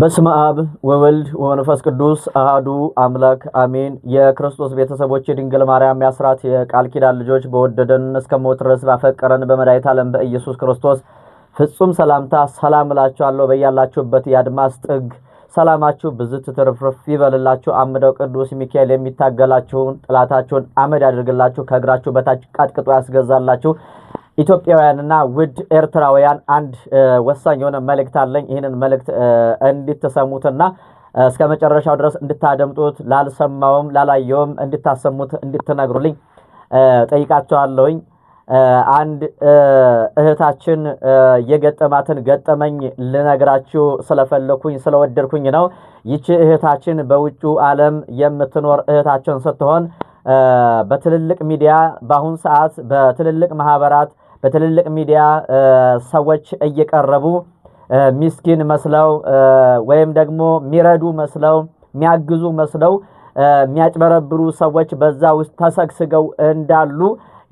በስመ አብ ወወልድ ወመንፈስ ቅዱስ አህዱ አምላክ አሜን። የክርስቶስ ቤተሰቦች የድንግል ማርያም ያስራት የቃል ኪዳን ልጆች በወደደን እስከ ሞት ድረስ ባፈቀረን በመድኃኒተ ዓለም በኢየሱስ ክርስቶስ ፍጹም ሰላምታ ሰላም እላችኋለሁ። በያላችሁበት የአድማስ ጥግ ሰላማችሁ ብዝት ትርፍርፍ ይበልላችሁ። አምደው ቅዱስ ሚካኤል የሚታገላችሁን ጥላታችሁን አመድ ያድርግላችሁ፣ ከእግራችሁ በታች ቀጥቅጦ ያስገዛላችሁ ኢትዮጵያውያንና ውድ ኤርትራውያን አንድ ወሳኝ የሆነ መልእክት አለኝ። ይህንን መልእክት እንድትሰሙትና እስከ መጨረሻው ድረስ እንድታደምጡት፣ ላልሰማውም ላላየውም እንድታሰሙት እንድትነግሩልኝ ጠይቃቸዋለሁኝ። አንድ እህታችን የገጠማትን ገጠመኝ ልነግራችሁ ስለፈለኩኝ ስለወደድኩኝ ነው። ይቺ እህታችን በውጩ ዓለም የምትኖር እህታችን ስትሆን በትልልቅ ሚዲያ በአሁን ሰዓት በትልልቅ ማህበራት በትልልቅ ሚዲያ ሰዎች እየቀረቡ ሚስኪን መስለው ወይም ደግሞ የሚረዱ መስለው የሚያግዙ መስለው የሚያጭበረብሩ ሰዎች በዛ ውስጥ ተሰግስገው እንዳሉ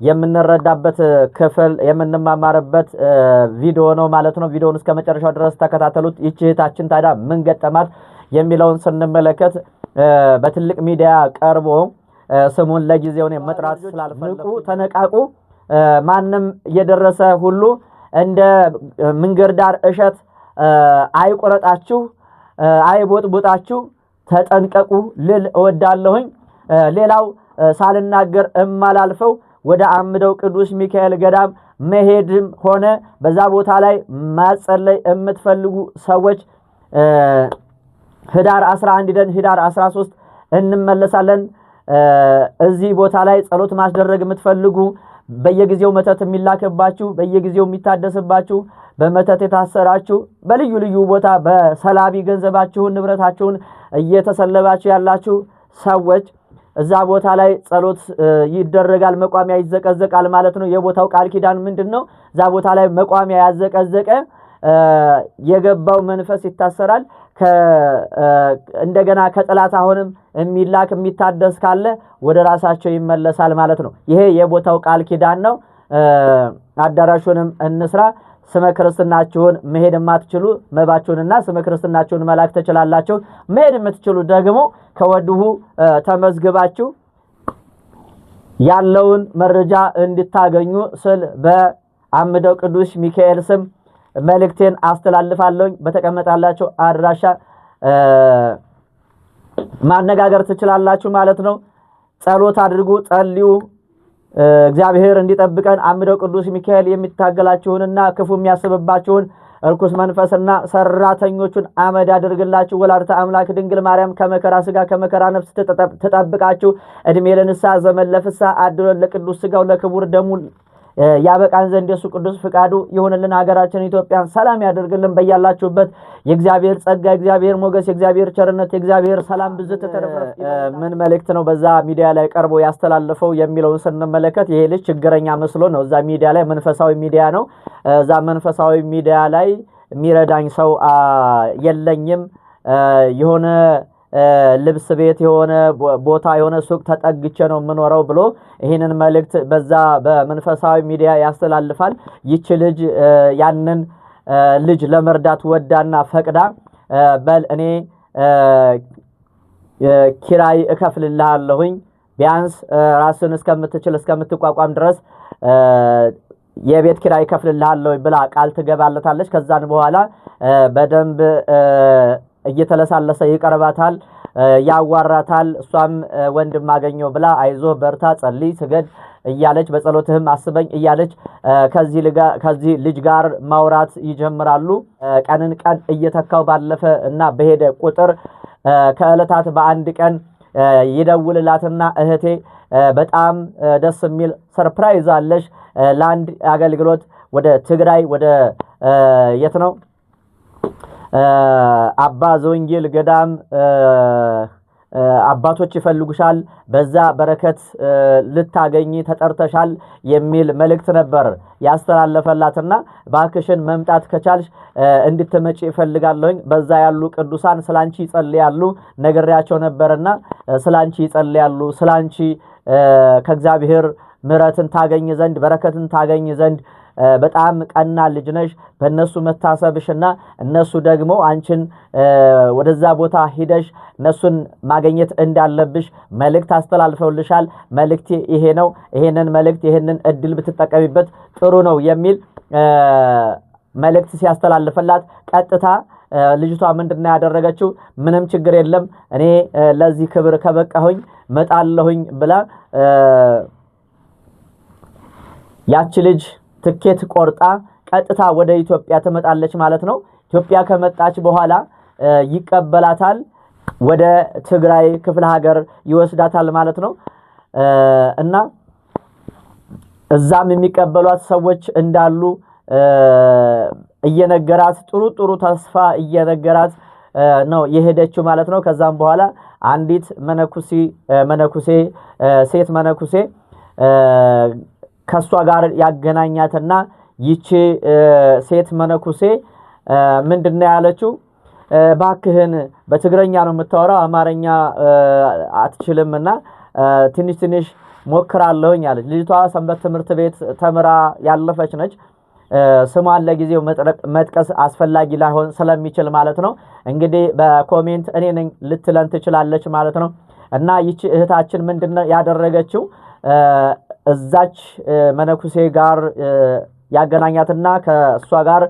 የምንረዳበት ክፍል የምንማማርበት ቪዲዮ ነው ማለት ነው። ቪዲዮውን እስከ መጨረሻው ድረስ ተከታተሉት። ይቺ እህታችን ታዲያ ምን ገጠማት የሚለውን ስንመለከት በትልቅ ሚዲያ ቀርቦ ስሙን ለጊዜውን የመጥራት ስላልፈለኩ ተነቃቁ ማንም የደረሰ ሁሉ እንደ መንገድ ዳር እሸት አይቆረጣችሁ፣ አይቦጥቦጣችሁ ተጠንቀቁ ልል እወዳለሁኝ። ሌላው ሳልናገር እማላልፈው ወደ አምደው ቅዱስ ሚካኤል ገዳም መሄድም ሆነ በዛ ቦታ ላይ ማጸለይ የምትፈልጉ ሰዎች ህዳር 11 ደን ህዳር 13 እንመለሳለን። እዚህ ቦታ ላይ ጸሎት ማስደረግ የምትፈልጉ በየጊዜው መተት የሚላክባችሁ በየጊዜው የሚታደስባችሁ በመተት የታሰራችሁ በልዩ ልዩ ቦታ በሰላቢ ገንዘባችሁን ንብረታችሁን እየተሰለባችሁ ያላችሁ ሰዎች እዛ ቦታ ላይ ጸሎት ይደረጋል። መቋሚያ ይዘቀዘቃል ማለት ነው። የቦታው ቃል ኪዳን ምንድን ነው? እዛ ቦታ ላይ መቋሚያ ያዘቀዘቀ የገባው መንፈስ ይታሰራል። እንደገና ከጠላት አሁንም የሚላክ የሚታደስ ካለ ወደ ራሳቸው ይመለሳል ማለት ነው። ይሄ የቦታው ቃል ኪዳን ነው። አዳራሹንም እንስራ። ስመ ክርስትናችሁን መሄድ የማትችሉ መባችሁንና ስመ ክርስትናችሁን መላክ ትችላላችሁ። መሄድ የምትችሉ ደግሞ ከወዲሁ ተመዝግባችሁ ያለውን መረጃ እንድታገኙ ስል በአምደው ቅዱስ ሚካኤል ስም መልእክቴን አስተላልፋለሁኝ። በተቀመጣላችሁ አድራሻ ማነጋገር ትችላላችሁ ማለት ነው። ጸሎት አድርጉ፣ ጸልዩ። እግዚአብሔር እንዲጠብቀን አምደው ቅዱስ ሚካኤል የሚታገላችሁንና ክፉ የሚያስብባችሁን እርኩስ መንፈስና ሰራተኞቹን አመድ አድርግላችሁ። ወላዲተ አምላክ ድንግል ማርያም ከመከራ ስጋ ከመከራ ነፍስ ትጠብቃችሁ። እድሜ ለንሳ ዘመን ለፍሳ አድሎ ለቅዱስ ስጋው ለክቡር ደሙ ያበቃን ዘንድ የሱ ቅዱስ ፍቃዱ ይሁንልን። ሀገራችን ኢትዮጵያን ሰላም ያደርግልን። በያላችሁበት የእግዚአብሔር ጸጋ፣ የእግዚአብሔር ሞገስ፣ የእግዚአብሔር ቸርነት፣ የእግዚአብሔር ሰላም ብዝት ተረፍረፍ። ምን መልእክት ነው በዛ ሚዲያ ላይ ቀርቦ ያስተላልፈው የሚለውን ስንመለከት ይሄ ልጅ ችግረኛ መስሎ ነው እዛ ሚዲያ ላይ መንፈሳዊ ሚዲያ ነው እዛ መንፈሳዊ ሚዲያ ላይ የሚረዳኝ ሰው የለኝም የሆነ ልብስ ቤት የሆነ ቦታ የሆነ ሱቅ ተጠግቼ ነው የምኖረው ብሎ ይህንን መልእክት በዛ በመንፈሳዊ ሚዲያ ያስተላልፋል። ይቺ ልጅ ያንን ልጅ ለመርዳት ወዳና ፈቅዳ በል እኔ ኪራይ እከፍልልሃለሁኝ ቢያንስ ራስን እስከምትችል እስከምትቋቋም ድረስ የቤት ኪራይ እከፍልልሃለሁኝ ብላ ቃል ትገባለታለች። ከዛን በኋላ በደንብ እየተለሳለሰ ይቀርባታል፣ ያዋራታል። እሷም ወንድም አገኘው ብላ አይዞ በርታ፣ ጸልይ፣ ስገድ እያለች በጸሎትህም አስበኝ እያለች ከዚህ ልጅ ጋር ማውራት ይጀምራሉ። ቀንን ቀን እየተካው ባለፈ እና በሄደ ቁጥር ከእለታት በአንድ ቀን ይደውልላትና እህቴ በጣም ደስ የሚል ሰርፕራይዝ አለሽ። ለአንድ አገልግሎት ወደ ትግራይ ወደ የት ነው አባ ዘወንጌል ገዳም አባቶች ይፈልጉሻል፣ በዛ በረከት ልታገኝ ተጠርተሻል የሚል መልእክት ነበር ያስተላለፈላትና ባክሽን መምጣት ከቻልሽ እንድትመጪ ይፈልጋለሁኝ። በዛ ያሉ ቅዱሳን ስላንቺ ይጸልያሉ ነገሪያቸው ነበርና ስላንቺ ይጸልያሉ። ስላንቺ ከእግዚአብሔር ምሕረትን ታገኝ ዘንድ በረከትን ታገኝ ዘንድ በጣም ቀና ልጅ ነሽ። በእነሱ መታሰብሽና እነሱ ደግሞ አንቺን ወደዛ ቦታ ሂደሽ እነሱን ማግኘት እንዳለብሽ መልእክት አስተላልፈውልሻል። መልእክቴ ይሄ ነው። ይሄንን መልእክት ይሄንን እድል ብትጠቀሚበት ጥሩ ነው የሚል መልእክት ሲያስተላልፍላት ቀጥታ ልጅቷ ምንድን ነው ያደረገችው? ምንም ችግር የለም እኔ ለዚህ ክብር ከበቃሁኝ መጣለሁኝ ብላ ያቺ ልጅ ትኬት ቆርጣ ቀጥታ ወደ ኢትዮጵያ ትመጣለች ማለት ነው። ኢትዮጵያ ከመጣች በኋላ ይቀበላታል፣ ወደ ትግራይ ክፍለ ሀገር ይወስዳታል ማለት ነው እና እዛም የሚቀበሏት ሰዎች እንዳሉ እየነገራት ጥሩ ጥሩ ተስፋ እየነገራት ነው የሄደችው ማለት ነው። ከዛም በኋላ አንዲት መነኩሴ ሴት መነኩሴ ከእሷ ጋር ያገናኛትና ይቺ ሴት መነኩሴ ምንድን ነው ያለችው? ባክህን በትግረኛ ነው የምታወራው፣ አማርኛ አትችልም እና ትንሽ ትንሽ ሞክራለሁኝ አለች። ልጅቷ ሰንበት ትምህርት ቤት ተምራ ያለፈች ነች። ስሟን ለጊዜው መጥቀስ አስፈላጊ ላይሆን ስለሚችል ማለት ነው። እንግዲህ በኮሜንት እኔ ነኝ ልትለን ትችላለች ማለት ነው። እና ይቺ እህታችን ምንድን ነው ያደረገችው? እዛች መነኩሴ ጋር ያገናኛትና ከእሷ ጋር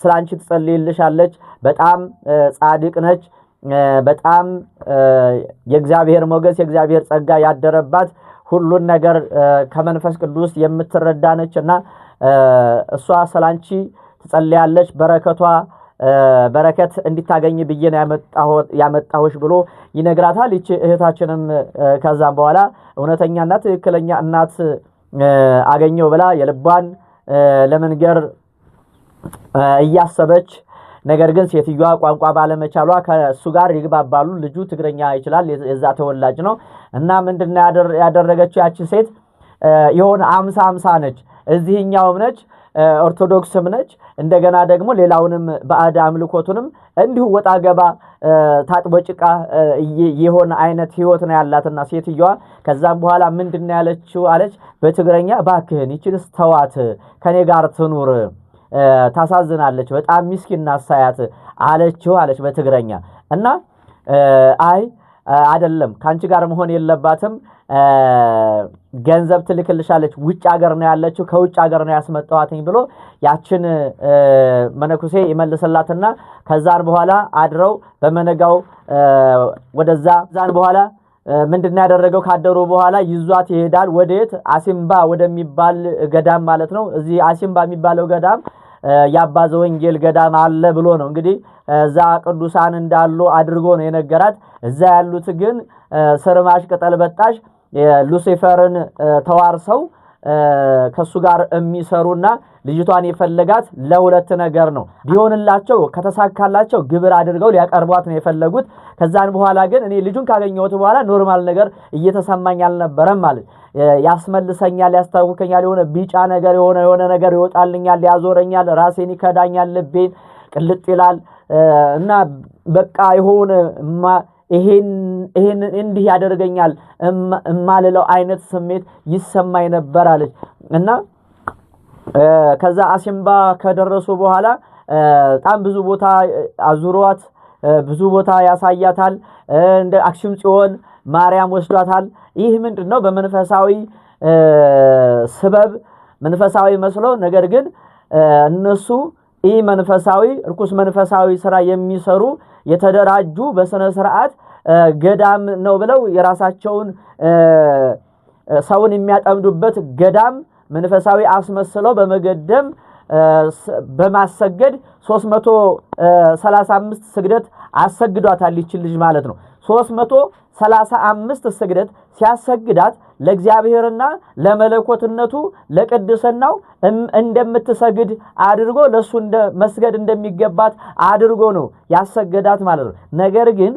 ስላንቺ ትጸልይልሻለች። በጣም ጻድቅ ነች። በጣም የእግዚአብሔር ሞገስ የእግዚአብሔር ጸጋ ያደረባት ሁሉን ነገር ከመንፈስ ቅዱስ የምትረዳ ነች እና እሷ ስላንቺ ትጸልያለች። በረከቷ በረከት እንዲታገኝ ብዬ ነው ያመጣሁሽ ብሎ ይነግራታል። ይቺ እህታችንም ከዛም በኋላ እውነተኛና ትክክለኛ እናት አገኘው ብላ የልቧን ለመንገር እያሰበች ነገር ግን ሴትዮዋ ቋንቋ ባለመቻሏ ከእሱ ጋር ይግባባሉ። ልጁ ትግረኛ ይችላል፣ የዛ ተወላጅ ነው እና ምንድን ያደረገችው ያችን ሴት የሆነ አምሳ አምሳ ነች፣ እዚህኛውም ነች ኦርቶዶክስም ነች። እንደገና ደግሞ ሌላውንም ባዕድ አምልኮቱንም እንዲሁ ወጣ ገባ ታጥቦ ጭቃ የሆነ አይነት ህይወት ነው ያላትና ሴትዮዋ ከዛም በኋላ ምንድን ያለችው አለች በትግረኛ ባክህን ይችንስ ተዋት ከኔ ጋር ትኑር ታሳዝናለች፣ በጣም ሚስኪን ናት ሳያት አለችው አለች በትግረኛ እና አይ አይደለም ከአንቺ ጋር መሆን የለባትም። ገንዘብ ትልክልሻለች። ውጭ ሀገር ነው ያለችው፣ ከውጭ ሀገር ነው ያስመጣኋትኝ ብሎ ያችን መነኩሴ ይመልስላትና ከዛን በኋላ አድረው በመነጋው ወደዛ ዛን በኋላ ምንድን ያደረገው ካደሩ በኋላ ይዟት ይሄዳል። ወደት አሲምባ ወደሚባል ገዳም ማለት ነው። እዚህ አሲምባ የሚባለው ገዳም ያባዘ ወንጌል ገዳም አለ ብሎ ነው እንግዲህ እዛ ቅዱሳን እንዳሉ አድርጎ ነው የነገራት። እዛ ያሉት ግን ስርማሽ ቅጠል በጣሽ ሉሲፈርን ተዋርሰው ከሱ ጋር የሚሰሩና ልጅቷን የፈለጋት ለሁለት ነገር ነው። ቢሆንላቸው ከተሳካላቸው ግብር አድርገው ሊያቀርቧት ነው የፈለጉት። ከዛን በኋላ ግን እኔ ልጁን ካገኘሁት በኋላ ኖርማል ነገር እየተሰማኝ አልነበረም ማለት ያስመልሰኛል፣ ያስታውከኛል፣ የሆነ ቢጫ ነገር የሆነ የሆነ ነገር ይወጣልኛል፣ ያዞረኛል፣ ራሴን ይከዳኛል፣ ልቤን ቅልጥ ይላል እና በቃ የሆነ ይሄን እንዲህ ያደርገኛል እማልለው አይነት ስሜት ይሰማኝ ነበር አለች እና ከዛ አሲምባ ከደረሱ በኋላ በጣም ብዙ ቦታ አዙሯት ብዙ ቦታ ያሳያታል። እንደ አክሱም ጽዮን ማርያም ወስዷታል። ይህ ምንድን ነው? በመንፈሳዊ ስበብ መንፈሳዊ መስሎ ነገር ግን እነሱ ይህ መንፈሳዊ እርኩስ መንፈሳዊ ስራ የሚሰሩ የተደራጁ በስነ ስርዓት ገዳም ነው ብለው የራሳቸውን ሰውን የሚያጠምዱበት ገዳም መንፈሳዊ አስመስለው በመገደም በማሰገድ 335 ስግደት አሰግዷታል ይችል ልጅ ማለት ነው። 335 መቶ ስግደት ሲያሰግዳት ለእግዚአብሔርና ለመለኮትነቱ ለቅድስናው እንደምትሰግድ አድርጎ ለእሱ መስገድ እንደሚገባት አድርጎ ነው ያሰገዳት ማለት ነው። ነገር ግን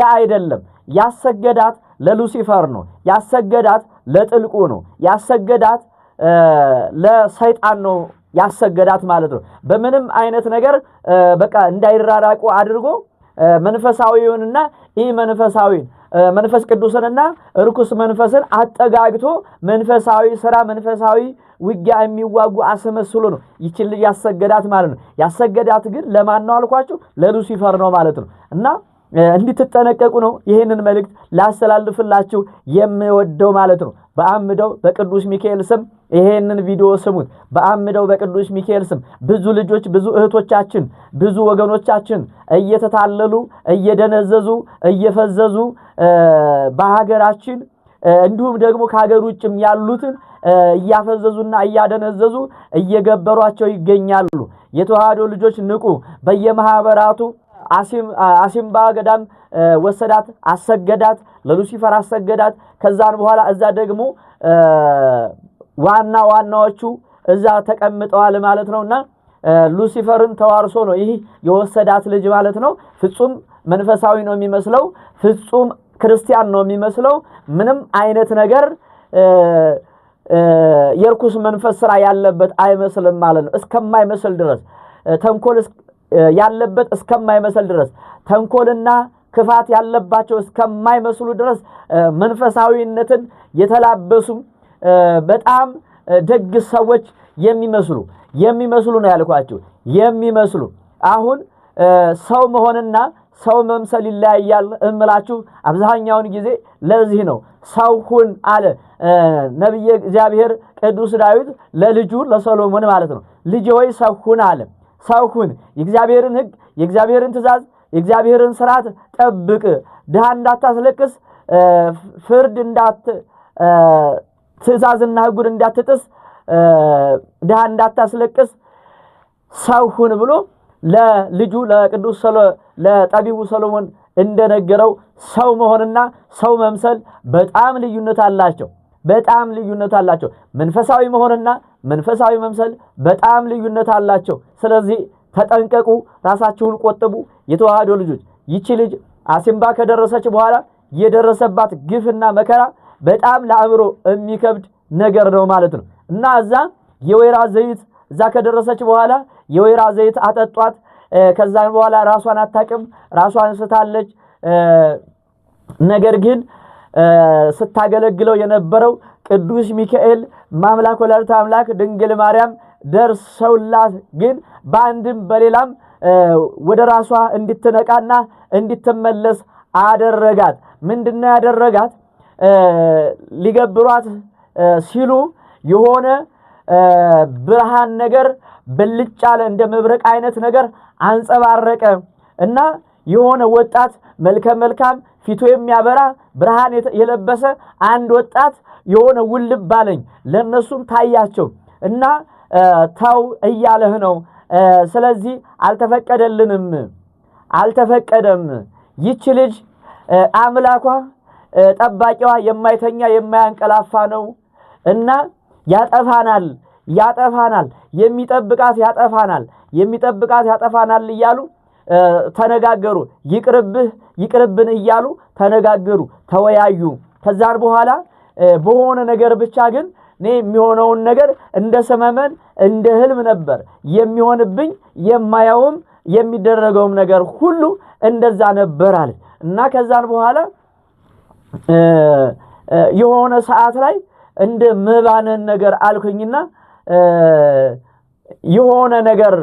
ያ አይደለም። ያሰገዳት ለሉሲፈር ነው። ያሰገዳት ለጥልቁ ነው። ያሰገዳት ለሰይጣን ነው ያሰገዳት ማለት ነው። በምንም አይነት ነገር በቃ እንዳይራራቁ አድርጎ መንፈሳዊውንና ኢ መንፈሳዊን መንፈስ ቅዱስንና እርኩስ መንፈስን አጠጋግቶ መንፈሳዊ ስራ መንፈሳዊ ውጊያ የሚዋጉ አስመስሎ ነው ይችን ልጅ ያሰገዳት ማለት ነው። ያሰገዳት ግን ለማን ነው አልኳችሁ? ለሉሲፈር ነው ማለት ነው እና እንድትጠነቀቁ ነው ይህንን መልእክት ላስተላልፍላችሁ የምወደው ማለት ነው። በአምደው በቅዱስ ሚካኤል ስም ይሄንን ቪዲዮ ስሙት። በአምደው በቅዱስ ሚካኤል ስም ብዙ ልጆች፣ ብዙ እህቶቻችን፣ ብዙ ወገኖቻችን እየተታለሉ እየደነዘዙ እየፈዘዙ በሀገራችን እንዲሁም ደግሞ ከሀገር ውጭም ያሉትን እያፈዘዙና እያደነዘዙ እየገበሯቸው ይገኛሉ። የተዋህዶ ልጆች ንቁ! በየማህበራቱ አሲምባ ገዳም ወሰዳት፣ አሰገዳት፣ ለሉሲፈር አሰገዳት። ከዛን በኋላ እዛ ደግሞ ዋና ዋናዎቹ እዛ ተቀምጠዋል ማለት ነውና ሉሲፈርን ተዋርሶ ነው ይህ የወሰዳት ልጅ ማለት ነው። ፍጹም መንፈሳዊ ነው የሚመስለው፣ ፍጹም ክርስቲያን ነው የሚመስለው። ምንም አይነት ነገር የርኩስ መንፈስ ስራ ያለበት አይመስልም ማለት ነው። እስከማይመስል ድረስ ተንኮል ያለበት እስከማይመስል ድረስ ተንኮልና ክፋት ያለባቸው እስከማይመስሉ ድረስ መንፈሳዊነትን የተላበሱ በጣም ደግ ሰዎች የሚመስሉ የሚመስሉ ነው ያልኳቸው። የሚመስሉ አሁን ሰው መሆንና ሰው መምሰል ይለያያል እምላችሁ አብዛኛውን ጊዜ ለዚህ ነው ሰው ሁን አለ ነቢየ እግዚአብሔር ቅዱስ ዳዊት ለልጁ ለሰሎሞን ማለት ነው። ልጅ ሆይ ሰው ሁን አለ። ሰው ሁን፣ የእግዚአብሔርን ሕግ የእግዚአብሔርን ትእዛዝ የእግዚአብሔርን ስርዓት ጠብቅ፣ ድሃ እንዳታስለቅስ፣ ፍርድ እንዳት ትእዛዝና ሕጉን እንዳትጥስ፣ ድሃ እንዳታስለቅስ ሰው ሁን ብሎ ለልጁ ለቅዱስ ለጠቢቡ ሰሎሞን እንደነገረው ሰው መሆንና ሰው መምሰል በጣም ልዩነት አላቸው። በጣም ልዩነት አላቸው። መንፈሳዊ መሆንና መንፈሳዊ መምሰል በጣም ልዩነት አላቸው። ስለዚህ ተጠንቀቁ፣ ራሳችሁን ቆጥቡ። የተዋህዶ ልጆች ይቺ ልጅ አሲምባ ከደረሰች በኋላ የደረሰባት ግፍና መከራ በጣም ለአእምሮ የሚከብድ ነገር ነው ማለት ነው እና እዛ የወይራ ዘይት እዛ ከደረሰች በኋላ የወይራ ዘይት አጠጧት። ከዛን በኋላ ራሷን አታቅም፣ ራሷን ስታለች። ነገር ግን ስታገለግለው የነበረው ቅዱስ ሚካኤል ማምላክ ወላዲተ አምላክ ድንግል ማርያም ደርሰውላት ግን በአንድም በሌላም ወደ ራሷ እንድትነቃና እንድትመለስ አደረጋት። ምንድነው ያደረጋት? ሊገብሯት ሲሉ የሆነ ብርሃን ነገር ብልጭ አለ፣ እንደ መብረቅ አይነት ነገር አንጸባረቀ እና የሆነ ወጣት መልከ መልካም ፊቱ የሚያበራ ብርሃን የለበሰ አንድ ወጣት የሆነ ውልብ ባለኝ ለእነሱም ታያቸው እና ተው እያለህ ነው። ስለዚህ አልተፈቀደልንም፣ አልተፈቀደም። ይቺ ልጅ አምላኳ ጠባቂዋ የማይተኛ የማያንቀላፋ ነው እና ያጠፋናል፣ ያጠፋናል፣ የሚጠብቃት ያጠፋናል፣ የሚጠብቃት ያጠፋናል እያሉ ተነጋገሩ። ይቅርብህ ይቅርብን እያሉ ተነጋገሩ፣ ተወያዩ። ከዛን በኋላ በሆነ ነገር ብቻ ግን እኔ የሚሆነውን ነገር እንደ ሰመመን እንደ ህልም ነበር የሚሆንብኝ የማየውም የሚደረገውም ነገር ሁሉ እንደዛ ነበር አለ እና ከዛን በኋላ የሆነ ሰዓት ላይ እንደ ምባንን ነገር አልኩኝና የሆነ ነገር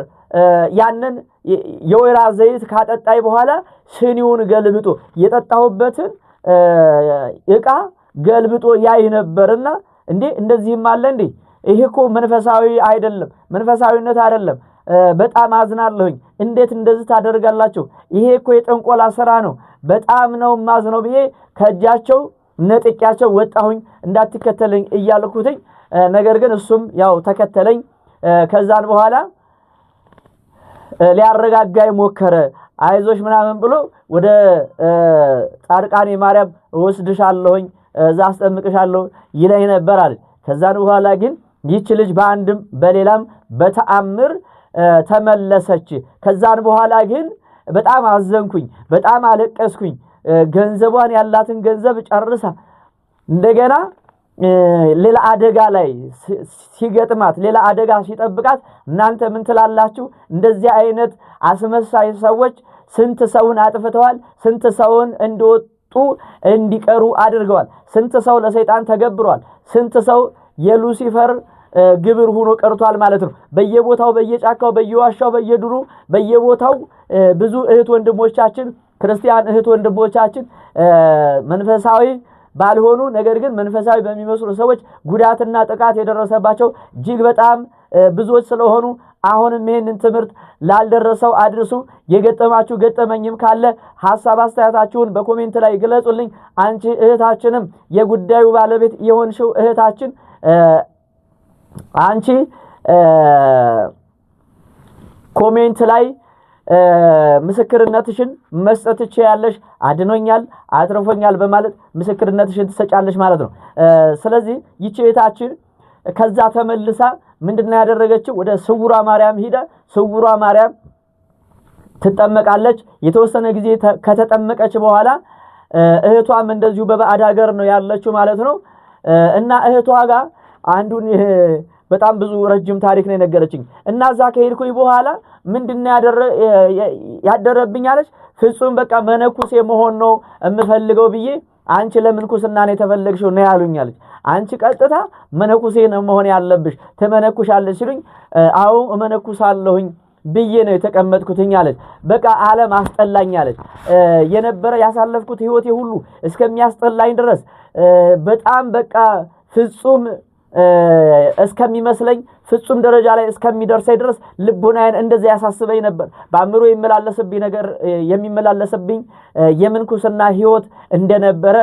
ያንን የወይራ ዘይት ካጠጣኝ በኋላ ስኒውን ገልብጦ የጠጣሁበትን እቃ ገልብጦ ያይ ነበርና፣ እንዴ እንደዚህም አለ እንዴ! ይሄ እኮ መንፈሳዊ አይደለም፣ መንፈሳዊነት አይደለም። በጣም አዝናለሁኝ። እንዴት እንደዚህ ታደርጋላችሁ? ይሄ እኮ የጠንቆላ ስራ ነው። በጣም ነው ማዝነው ብዬ ከእጃቸው ነጥቂያቸው ወጣሁኝ፣ እንዳትከተለኝ እያልኩትኝ ነገር ግን እሱም ያው ተከተለኝ። ከዛን በኋላ ሊያረጋጋ ሞከረ። አይዞሽ ምናምን ብሎ ወደ ጻድቃኔ ማርያም ወስድሻለሁኝ እዛ አስጠምቅሻለሁ ይለኝ ነበር አለ። ከዛን በኋላ ግን ይች ልጅ በአንድም በሌላም በተአምር ተመለሰች። ከዛን በኋላ ግን በጣም አዘንኩኝ፣ በጣም አለቀስኩኝ። ገንዘቧን ያላትን ገንዘብ ጨርሳ እንደገና ሌላ አደጋ ላይ ሲገጥማት ሌላ አደጋ ሲጠብቃት እናንተ ምን ትላላችሁ? እንደዚህ አይነት አስመሳይ ሰዎች ስንት ሰውን አጥፍተዋል። ስንት ሰውን እንደወጡ እንዲቀሩ አድርገዋል። ስንት ሰው ለሰይጣን ተገብሯል። ስንት ሰው የሉሲፈር ግብር ሆኖ ቀርቷል ማለት ነው። በየቦታው በየጫካው፣ በየዋሻው፣ በየዱሩ በየቦታው ብዙ እህት ወንድሞቻችን ክርስቲያን እህት ወንድሞቻችን መንፈሳዊ ባልሆኑ ነገር ግን መንፈሳዊ በሚመስሉ ሰዎች ጉዳትና ጥቃት የደረሰባቸው እጅግ በጣም ብዙዎች ስለሆኑ አሁንም ይህንን ትምህርት ላልደረሰው አድርሱ። የገጠማችሁ ገጠመኝም ካለ ሀሳብ አስተያየታችሁን በኮሜንት ላይ ግለጹልኝ። አንቺ እህታችንም የጉዳዩ ባለቤት የሆንሽው እህታችን አንቺ ኮሜንት ላይ ምስክርነትሽን መስጠት ትችያለሽ። አድኖኛል፣ አትርፎኛል በማለት ምስክርነትሽን ትሰጫለሽ ማለት ነው። ስለዚህ ይቺ ቤታችን ከዛ ተመልሳ ምንድን ነው ያደረገችው? ወደ ስውሯ ማርያም ሂደ ስውሯ ማርያም ትጠመቃለች። የተወሰነ ጊዜ ከተጠመቀች በኋላ እህቷም እንደዚሁ በባዕድ ሀገር ነው ያለችው ማለት ነው እና እህቷ ጋር አንዱን በጣም ብዙ ረጅም ታሪክ ነው የነገረችኝ። እና እዛ ከሄድኩኝ በኋላ ምንድን ያደረብኝ አለች። ፍጹም በቃ መነኩሴ መሆን ነው የምፈልገው ብዬ አንቺ ለምንኩስና ነው የተፈለግሽው ነው ያሉኝ አለች። አንቺ ቀጥታ መነኩሴ ነው መሆን ያለብሽ ትመነኩሻለች ሲሉኝ፣ አዎ እመነኩሳለሁኝ ብዬ ነው የተቀመጥኩትኝ አለች። በቃ ዓለም አስጠላኝ አለች። የነበረ ያሳለፍኩት ህይወቴ ሁሉ እስከሚያስጠላኝ ድረስ በጣም በቃ ፍጹም እስከሚመስለኝ ፍጹም ደረጃ ላይ እስከሚደርሰኝ ድረስ ልቡናዬን እንደዚያ ያሳስበኝ ነበር። በአእምሮ የሚመላለስብኝ ነገር የሚመላለስብኝ የምንኩስና ህይወት እንደነበረ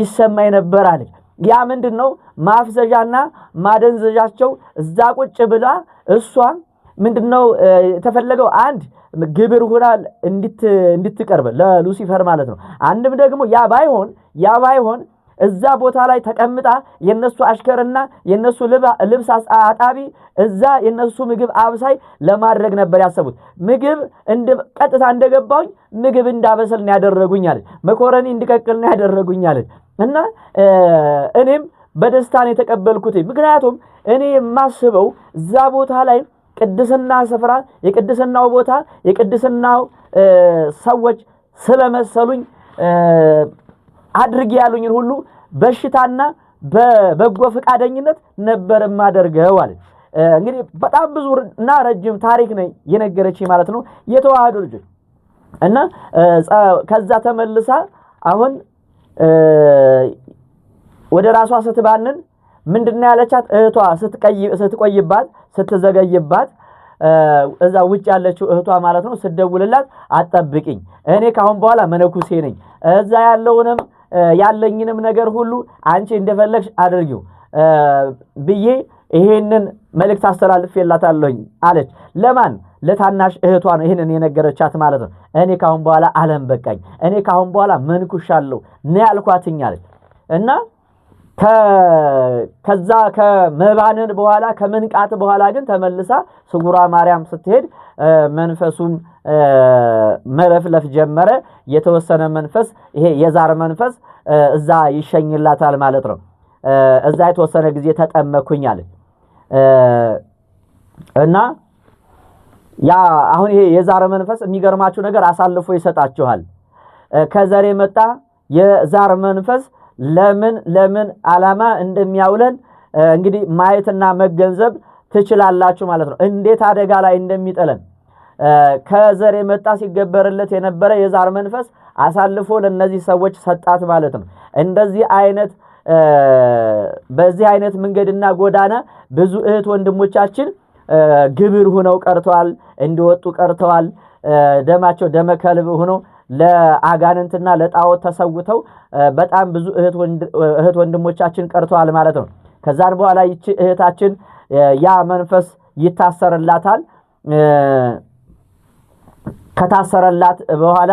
ይሰማኝ ነበር አለ። ያ ምንድን ነው? ማፍዘዣና ማደንዘዣቸው እዛ ቁጭ ብላ እሷ ምንድን ነው የተፈለገው? አንድ ግብር ሁና እንድትቀርብ ለሉሲፈር ማለት ነው። አንድም ደግሞ ያ ባይሆን ያ ባይሆን እዛ ቦታ ላይ ተቀምጣ የነሱ አሽከርና የነሱ ልብስ አጣቢ እዛ የነሱ ምግብ አብሳይ ለማድረግ ነበር ያሰቡት። ምግብ ቀጥታ እንደገባሁኝ ምግብ እንዳበሰል ነው ያደረጉኝ አለች። መኮረኒ እንድቀቅል ነው ያደረጉኝ አለች። እና እኔም በደስታ ነው የተቀበልኩት። ምክንያቱም እኔ የማስበው እዛ ቦታ ላይ ቅድስና ስፍራ የቅድስናው ቦታ የቅድስናው ሰዎች ስለመሰሉኝ አድርግ ያሉኝን ሁሉ በሽታና በበጎ ፈቃደኝነት ነበር ማደርገው አለ። እንግዲህ በጣም ብዙ እና ረጅም ታሪክ ነው የነገረች ማለት ነው የተዋህዶ ልጆች እና ከዛ ተመልሳ አሁን ወደ ራሷ ስትባንን ምንድነው ያለቻት? እህቷ ስትቆይባት ስትዘገይባት እዛ ውጭ ያለችው እህቷ ማለት ነው ስደውልላት አጠብቅኝ እኔ ካሁን በኋላ መነኩሴ ነኝ እዛ ያለውንም ያለኝንም ነገር ሁሉ አንቺ እንደፈለግሽ አድርጊው ብዬ ይሄንን መልእክት አስተላልፌላታለሁኝ አለች። ለማን ለታናሽ እህቷ ነው ይህንን የነገረቻት ማለት ነው። እኔ ካሁን በኋላ አለም በቃኝ፣ እኔ ካሁን በኋላ መንኩሻለሁ አለው ያልኳትኝ አለች እና ከዛ ከመባንን በኋላ ከመንቃት በኋላ ግን ተመልሳ ስጉራ ማርያም ስትሄድ መንፈሱም መለፍለፍ ጀመረ። የተወሰነ መንፈስ ይሄ የዛር መንፈስ እዛ ይሸኝላታል ማለት ነው። እዛ የተወሰነ ጊዜ ተጠመኩኝ እና ያ አሁን ይሄ የዛር መንፈስ የሚገርማችሁ ነገር አሳልፎ ይሰጣችኋል። ከዘር የመጣ የዛር መንፈስ ለምን ለምን ዓላማ እንደሚያውለን እንግዲህ ማየትና መገንዘብ ትችላላችሁ ማለት ነው። እንዴት አደጋ ላይ እንደሚጥለን ከዘር የመጣ ሲገበርለት የነበረ የዛር መንፈስ አሳልፎ ለእነዚህ ሰዎች ሰጣት ማለት ነው። እንደዚህ አይነት በዚህ አይነት መንገድና ጎዳና ብዙ እህት ወንድሞቻችን ግብር ሁነው ቀርተዋል፣ እንዲወጡ ቀርተዋል። ደማቸው ደመ ከልብ ሁኖ ለአጋንንትና ለጣዖት ተሰውተው በጣም ብዙ እህት ወንድሞቻችን ቀርተዋል ማለት ነው። ከዛን በኋላ ይቺ እህታችን ያ መንፈስ ይታሰርላታል። ከታሰረላት በኋላ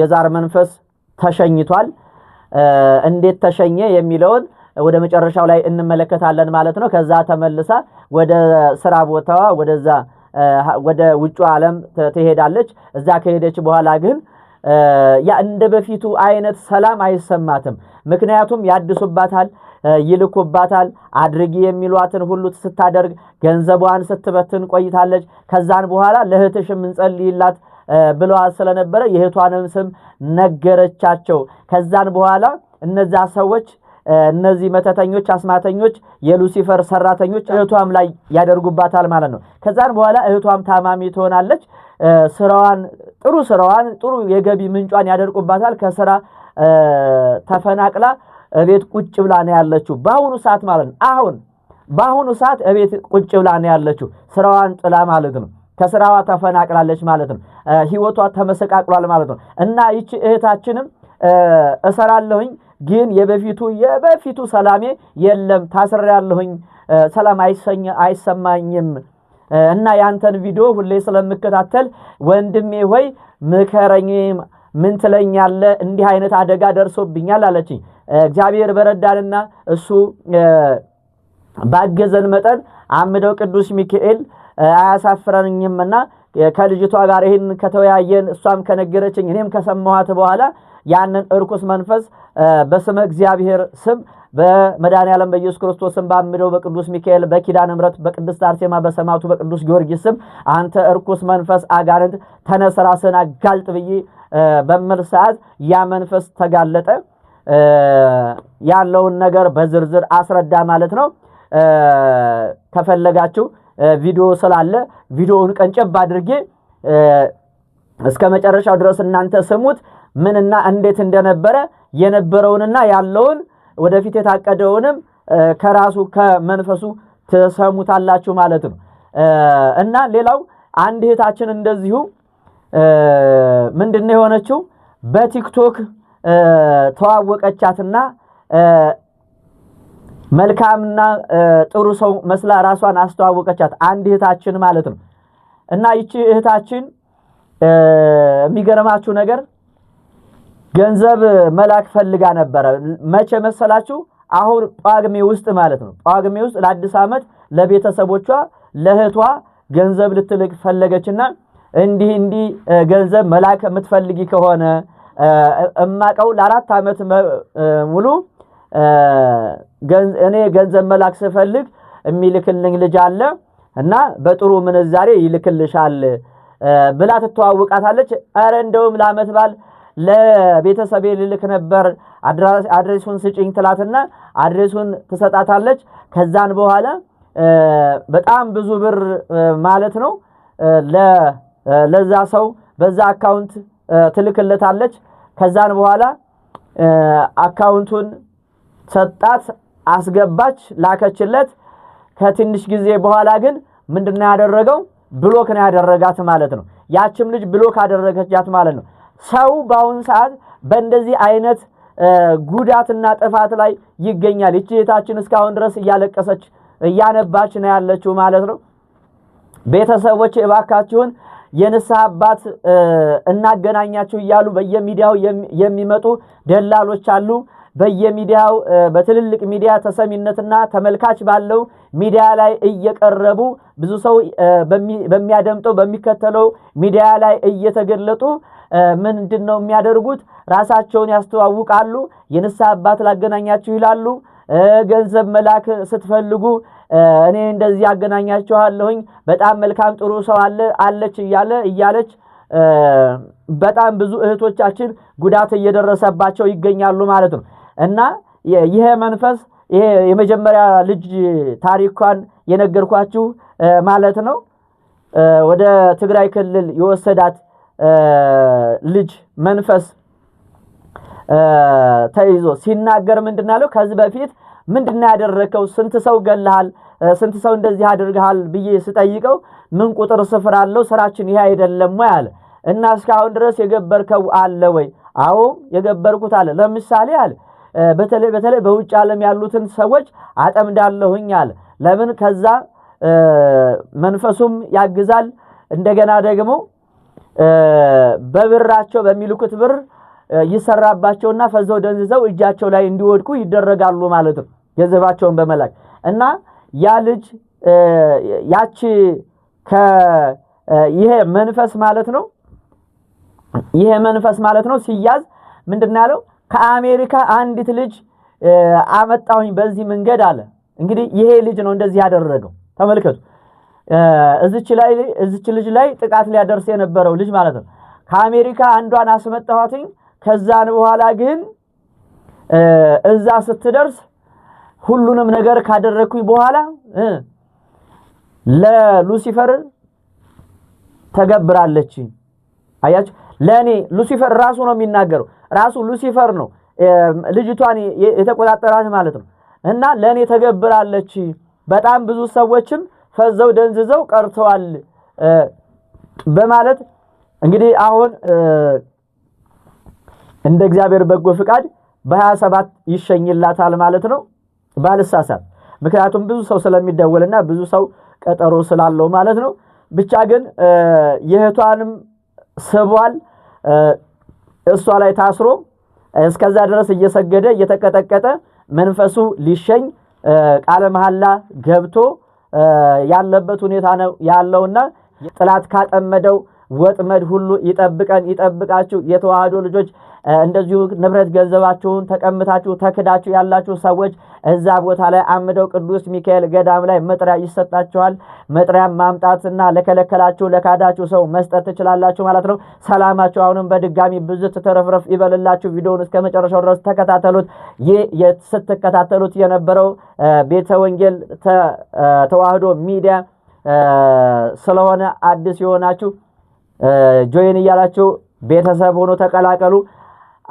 የዛር መንፈስ ተሸኝቷል። እንዴት ተሸኘ የሚለውን ወደ መጨረሻው ላይ እንመለከታለን ማለት ነው። ከዛ ተመልሳ ወደ ስራ ቦታዋ ወደዛ ወደ ውጩ ዓለም ትሄዳለች። እዛ ከሄደች በኋላ ግን ያ እንደ በፊቱ አይነት ሰላም አይሰማትም። ምክንያቱም ያድሱባታል፣ ይልኩባታል። አድርጊ የሚሏትን ሁሉ ስታደርግ ገንዘቧን ስትበትን ቆይታለች። ከዛን በኋላ ለእህትሽ ምንጸልይላት ብለዋ ስለነበረ የእህቷንም ስም ነገረቻቸው። ከዛን በኋላ እነዛ ሰዎች እነዚህ መተተኞች፣ አስማተኞች፣ የሉሲፈር ሰራተኞች እህቷም ላይ ያደርጉባታል ማለት ነው። ከዛን በኋላ እህቷም ታማሚ ትሆናለች። ስራዋን ጥሩ ስራዋን ጥሩ የገቢ ምንጯን ያደርጉባታል። ከስራ ተፈናቅላ እቤት ቁጭ ብላ ነው ያለችው። በአሁኑ ሰዓት ማለት ነው። አሁን በአሁኑ ሰዓት እቤት ቁጭ ብላ ነው ያለችው፣ ስራዋን ጥላ ማለት ነው። ከስራዋ ተፈናቅላለች ማለት ነው። ህይወቷ ተመሰቃቅሏል ማለት ነው። እና ይቺ እህታችንም እሰራለሁኝ ግን የበፊቱ የበፊቱ ሰላሜ የለም፣ ታስሬያለሁኝ፣ ሰላም አይሰኝ አይሰማኝም እና ያንተን ቪዲዮ ሁሌ ስለምከታተል ወንድሜ ሆይ ምከረኝ ምን ትለኛለ? እንዲህ አይነት አደጋ ደርሶብኛል አለችኝ። እግዚአብሔር በረዳንና እሱ ባገዘን መጠን አምደው ቅዱስ ሚካኤል አያሳፍረኝምና ከልጅቷ ጋር ይህን ከተወያየን እሷም ከነገረችኝ እኔም ከሰማኋት በኋላ ያንን እርኩስ መንፈስ በስመ እግዚአብሔር ስም በመድኃኔዓለም በኢየሱስ ክርስቶስም ስም በአምደው በቅዱስ ሚካኤል በኪዳነ ምሕረት በቅድስት አርሴማ በሰማዕቱ በቅዱስ ጊዮርጊስ ስም አንተ እርኩስ መንፈስ አጋንንት ተነስራስን አጋልጥ ብዬ በምል ሰዓት ያ መንፈስ ተጋለጠ። ያለውን ነገር በዝርዝር አስረዳ ማለት ነው። ከፈለጋችሁ ቪዲዮ ስላለ ቪዲዮውን ቀንጨብ አድርጌ እስከ መጨረሻው ድረስ እናንተ ስሙት። ምንና እንዴት እንደነበረ የነበረውንና ያለውን ወደፊት የታቀደውንም ከራሱ ከመንፈሱ ትሰሙታላችሁ ማለት ነው እና ሌላው አንድ እህታችን እንደዚሁ ምንድን ነው የሆነችው? በቲክቶክ ተዋወቀቻትና መልካምና ጥሩ ሰው መስላ ራሷን አስተዋወቀቻት። አንድ እህታችን ማለት ነው። እና ይቺ እህታችን የሚገርማችሁ ነገር ገንዘብ መላክ ፈልጋ ነበረ። መቼ መሰላችሁ? አሁን ጳግሜ ውስጥ ማለት ነው። ጳግሜ ውስጥ ለአዲስ ዓመት ለቤተሰቦቿ ለእህቷ ገንዘብ ልትልቅ ፈለገችና እንዲህ እንዲህ ገንዘብ መላክ የምትፈልጊ ከሆነ እማቀው ለአራት ዓመት ሙሉ እኔ ገንዘብ መላክ ስፈልግ የሚልክልኝ ልጅ አለ እና በጥሩ ምንዛሬ ይልክልሻል ብላ ትተዋውቃታለች። ኧረ እንደውም ለዓመት በዓል ለቤተሰቤ ልልክ ነበር አድሬሱን ስጭኝ ትላትና አድሬሱን ትሰጣታለች። ከዛን በኋላ በጣም ብዙ ብር ማለት ነው ለ ለዛ ሰው በዛ አካውንት ትልክለታለች። ከዛን በኋላ አካውንቱን ሰጣት፣ አስገባች፣ ላከችለት። ከትንሽ ጊዜ በኋላ ግን ምንድን ነው ያደረገው? ብሎክ ነው ያደረጋት ማለት ነው። ያችም ልጅ ብሎክ አደረገቻት ማለት ነው። ሰው በአሁን ሰዓት በእንደዚህ አይነት ጉዳትና ጥፋት ላይ ይገኛል። ይቺ እህታችን እስካሁን ድረስ እያለቀሰች እያነባች ነው ያለችው ማለት ነው። ቤተሰቦች እባካችሁን የንስሐ አባት እናገናኛችሁ እያሉ በየሚዲያው የሚመጡ ደላሎች አሉ። በየሚዲያው በትልልቅ ሚዲያ ተሰሚነትና ተመልካች ባለው ሚዲያ ላይ እየቀረቡ ብዙ ሰው በሚያደምጠው በሚከተለው ሚዲያ ላይ እየተገለጡ ምንድን ነው የሚያደርጉት? ራሳቸውን ያስተዋውቃሉ። የንስሐ አባት ላገናኛችሁ ይላሉ። ገንዘብ መላክ ስትፈልጉ እኔ እንደዚህ ያገናኛችኋለሁኝ በጣም መልካም ጥሩ ሰው አለ አለች እያለ እያለች በጣም ብዙ እህቶቻችን ጉዳት እየደረሰባቸው ይገኛሉ ማለት ነው እና ይሄ መንፈስ ይሄ የመጀመሪያ ልጅ ታሪኳን የነገርኳችሁ ማለት ነው ወደ ትግራይ ክልል የወሰዳት ልጅ መንፈስ ተይዞ ሲናገር ምንድን አለው? ከዚህ በፊት ምንድነው ያደረከው? ስንት ሰው ገልሃል? ስንት ሰው እንደዚህ አድርገሃል ብዬ ስጠይቀው ምን ቁጥር ስፍር አለው? ስራችን ይሄ አይደለም ወይ አለ እና እስካሁን ድረስ የገበርከው አለ ወይ? አዎ የገበርኩት አለ። ለምሳሌ አለ በተለይ በተለይ በውጭ ዓለም ያሉትን ሰዎች አጠምዳለሁኝ አለ። ለምን ከዛ መንፈሱም ያግዛል። እንደገና ደግሞ በብራቸው በሚልኩት ብር ይሰራባቸውና ፈዘው ደንዝዘው እጃቸው ላይ እንዲወድቁ ይደረጋሉ ማለት ነው። ገንዘባቸውን በመላክ እና ያ ልጅ ያቺ ይሄ መንፈስ ማለት ነው። ይሄ መንፈስ ማለት ነው ሲያዝ ምንድን ያለው ከአሜሪካ አንዲት ልጅ አመጣሁኝ በዚህ መንገድ አለ። እንግዲህ ይሄ ልጅ ነው እንደዚህ ያደረገው። ተመልከቱ። እዚች ላይ እዚች ልጅ ላይ ጥቃት ሊያደርስ የነበረው ልጅ ማለት ነው። ከአሜሪካ አንዷን አስመጣኋትኝ ከዛን በኋላ ግን እዛ ስትደርስ ሁሉንም ነገር ካደረግኩኝ በኋላ ለሉሲፈር ተገብራለች። አያችሁ፣ ለእኔ ሉሲፈር ራሱ ነው የሚናገረው። ራሱ ሉሲፈር ነው ልጅቷን የተቆጣጠራት ማለት ነው። እና ለእኔ ተገብራለች። በጣም ብዙ ሰዎችም ፈዘው ደንዝዘው ቀርተዋል በማለት እንግዲህ አሁን እንደ እግዚአብሔር በጎ ፍቃድ በሀያ ሰባት ይሸኝላታል ማለት ነው። ባልሳሳት፣ ምክንያቱም ብዙ ሰው ስለሚደወልና ብዙ ሰው ቀጠሮ ስላለው ማለት ነው። ብቻ ግን የእህቷንም ስቧል እሷ ላይ ታስሮ እስከዛ ድረስ እየሰገደ እየተቀጠቀጠ መንፈሱ ሊሸኝ ቃለ መሐላ ገብቶ ያለበት ሁኔታ ነው ያለውና ጥላት ካጠመደው ወጥመድ ሁሉ ይጠብቀን ይጠብቃችሁ። የተዋህዶ ልጆች እንደዚሁ ንብረት ገንዘባችሁን ተቀምታችሁ ተክዳችሁ ያላችሁ ሰዎች እዛ ቦታ ላይ አምደው ቅዱስ ሚካኤል ገዳም ላይ መጥሪያ ይሰጣችኋል። መጥሪያም ማምጣትና ለከለከላችሁ ለካዳችሁ ሰው መስጠት ትችላላችሁ ማለት ነው። ሰላማችሁ አሁንም በድጋሚ ብዙ ትተረፍረፍ ይበልላችሁ። ቪዲዮውን እስከ መጨረሻው ድረስ ተከታተሉት። ይህ ስትከታተሉት የነበረው ቤተ ወንጌል ተዋህዶ ሚዲያ ስለሆነ አዲስ የሆናችሁ ጆይን እያላችሁ ቤተሰብ ሆኖ ተቀላቀሉ።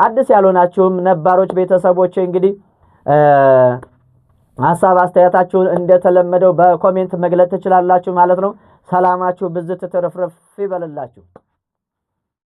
አዲስ ያልሆናችሁም ነባሮች ቤተሰቦች እንግዲህ ሀሳብ አስተያየታችሁን እንደተለመደው በኮሜንት መግለጥ ትችላላችሁ ማለት ነው። ሰላማችሁ ብዝት ትርፍርፍ ይበልላችሁ።